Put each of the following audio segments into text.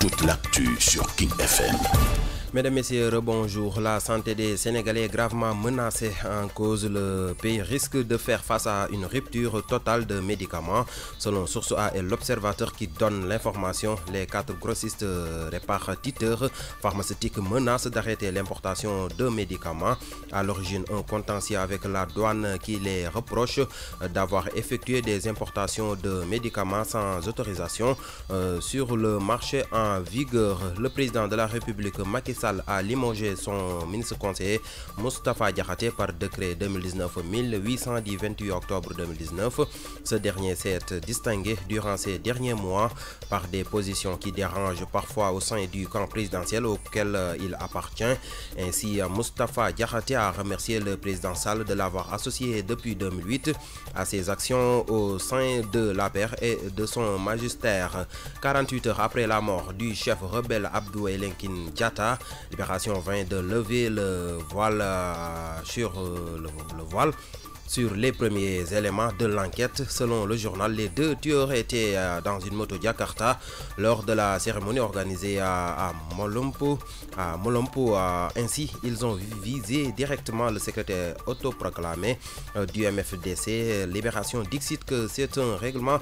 Toute l'actu sur King FM. Mesdames, Messieurs, bonjour. La santé des Sénégalais est gravement menacée en cause. Le pays risque de faire face à une rupture totale de médicaments. Selon Source A et l'observateur qui donne l'information, les quatre grossistes répartiteurs pharmaceutiques menacent d'arrêter l'importation de médicaments. À l'origine, un contentieux avec la douane qui les reproche d'avoir effectué des importations de médicaments sans autorisation euh, sur le marché en vigueur. Le président de la République, Macky a limogé son ministre conseiller Moustapha Diakhaté par décret 2019 1828 octobre 2019. Ce dernier s'est distingué durant ces derniers mois par des positions qui dérangent parfois au sein du camp présidentiel auquel euh, il appartient. Ainsi, Mustafa Diakhaté a remercié le président Sall de l'avoir associé depuis 2008 à ses actions au sein de la paire et de son magistère. 48 heures après la mort du chef rebelle Abdou Elenkin Diata, Libération vient de lever euh, euh, le voile sur le voile sur les premiers éléments de l'enquête. Selon le journal, les deux tueurs étaient euh, dans une moto Jakarta lors de la cérémonie organisée à, Molompo. Euh, ainsi, ils ont visé directement le secrétaire autoproclamé euh, du MFDC. Libération dixit que c'est un règlement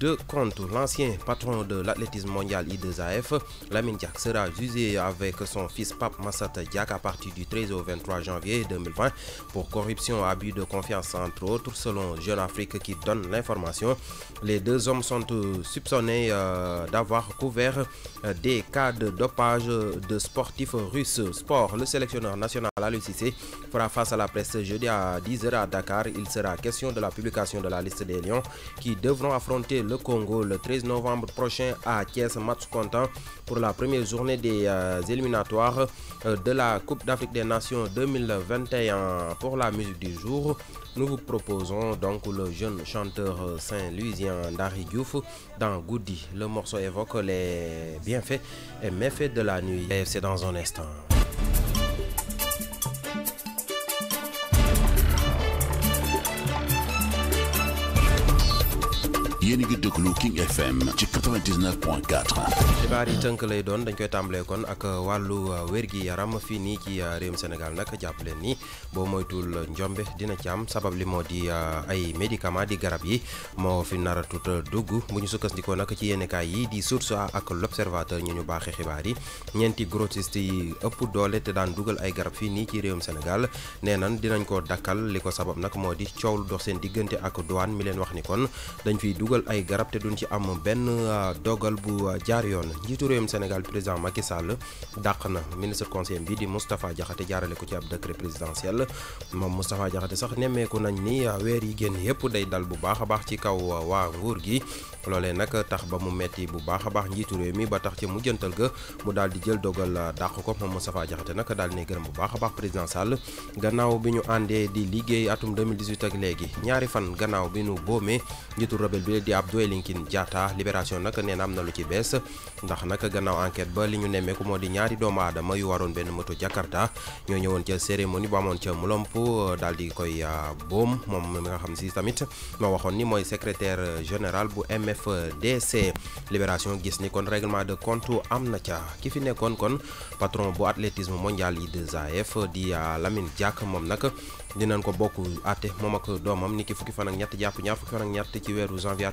de compte. L'ancien patron de l'athlétisme mondial I2AF, Lamine Diak, sera jugé avec son fils Pape Massata Diak à partir du 13 au 23 janvier 2020 pour corruption, abus de confiance entre autres, selon Jeune Afrique qui donne l'information. Les deux hommes sont euh, soupçonnés euh, d'avoir couvert euh, des cas de dopage de sportifs russes. Sport, le sélectionneur national à l'UCC fera face à la presse jeudi à 10h à Dakar. Il sera question de la publication de la liste des Lions qui devront affronter le Congo le 13 novembre prochain à Thiès, match comptant pour la première journée des éliminatoires de la Coupe d'Afrique des Nations 2021 pour la musique du jour. Nous vous proposons donc le jeune chanteur saint-louisien Dari Diouf dans Goody. Le morceau évoque les bienfaits et méfaits de la nuit. Et c'est dans un instant. yéen a ngi déglu King FM ci 99.4. xibaar yi tënk lay doon dañ koy tàmbalee kon ak euh, wàllu euh, wér-gi-yaram fii nii ci euh, réewum Sénégal nag jàpp leen nii boo moytul njombe dina ci am sabab li moo di ay médicament di garab yi moo fi nar dugg bu ñu sukkandikoo nag ci yéenekaay yi di Source A ak L'Observateur ñu ñu baaxee xibaar yi ñeenti grossiste yi ëpp doole te daan dugal ay garab fii nii ci réewum Sénégal nee nan dinañ ko dakkal li ko sabab nag moo di coow lu dox seen diggante ak douane dugal ay garab te duñ ci am benn ah, dogal bu ah, jaar yoon njiitu réewum Sénégal président Macky Sall dàq na ministre conseil bi di Moustapha Diakhaté jaarale ko ci ab décret présidentiel moom Moustapha Diakhaté sax nemmeeku nañ ni ah, weer yi génn yépp day dal bu baax a baax ci kaw waa nguur gi loolee nag tax ba mu metti bu baax a baax njiitu réew mi ba tax ci mujjantal ga mu daal di jël dogal dàq ko moom Moustapha Diakhaté nag daal ne gërëm bu baax a baax président Sall gannaaw bi ñu àndee di liggéey atum 2018 ak léegi ñaari fan gannaaw bi ñu boomee njiitu rebel bi di Abdou Elinkine Diatta Libération nag nee na am na lu ci bees ndax nag gannaaw enquête ba li ñu nemmeeku moo di ñaari doom aadama yu waroon benn moto Jakarta ñoo ñëwoon ca cérémonie bu amoon ca Mulomp daal di koy euh, boom moom mi nga xam si tamit moo waxoon ni mooy secrétaire général bu MFDC Libération gis ni kon règlement de compte am na ca ki fi nekkoon kon patron bu athlétisme mondial yi 2AF di euh, Lamine Diack moom nag dinañ ko bokk àtte moom ak doomam ni ki fukki fan ak ñett ci weeru janvier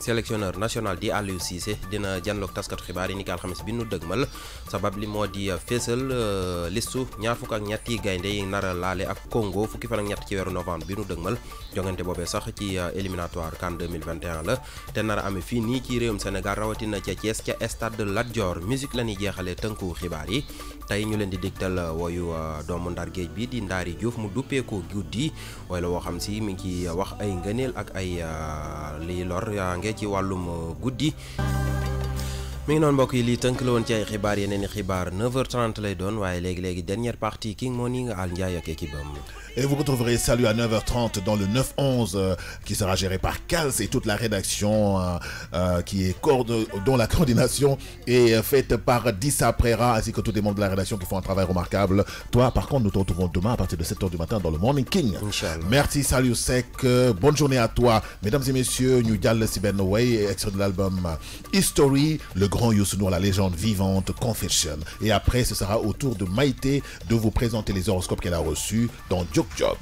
sélectionneur national di Aliou Cissé dina janloog taskatu xibaari ni kal alxamis bi nu deugmal sabab li modi di euh, fésal euh, listu ñaar fuk ak ñatti gaynde yi nara ak Congo fukki fan ak ñatt ci wéru novembre bi nu deugmal jongante bobé sax ci euh, éliminatoire CAN 2021 la té nara a fi ni ci réewum Sénégal na ci Thiès ci stade de musique la jéxalé tënku xibaar ñu leen di diktal woyu doomu ndar geej bi di ndari Diouf mu guddii way la wo xam si mi ngi wax ay ngeenel ak ay li lor kaaraange ci wàllum euh, guddi ci ay 9h30 lay dernière partie King Morning Al ak équipe Et vous retrouverez Salut à 9h30 dans le 9-11 euh, qui sera géré par Kals et toute la rédaction euh, euh, qui est dont la coordination est faite par Dissaprera ainsi que tous les membres de la rédaction qui font un travail remarquable. Toi, par contre, nous te retrouvons demain à partir de 7h du matin dans le Morning King. Merci, Salut Sec. Bonne journée à toi. Mesdames et messieurs, New Dial way extrait de l'album History, le grand Yosuno, la légende vivante, Confession. Et après, ce sera au tour de Maïté de vous présenter les horoscopes qu'elle a reçus dans Joke Job.